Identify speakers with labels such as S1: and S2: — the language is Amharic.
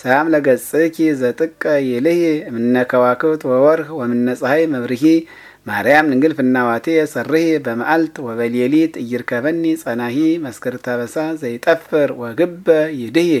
S1: ሰላም ለገጽኪ ዘጥቀ ይልህ እምነ ከዋክብት ወወርህ ወምነ ፀሐይ መብርሂ ማርያም ንግል ፍናዋቴ ሰርሂ በመዓልት ወበሌሊት እይርከበኒ ጸናሂ መስክርተ ዘይጠፍር ወግበ ይድህ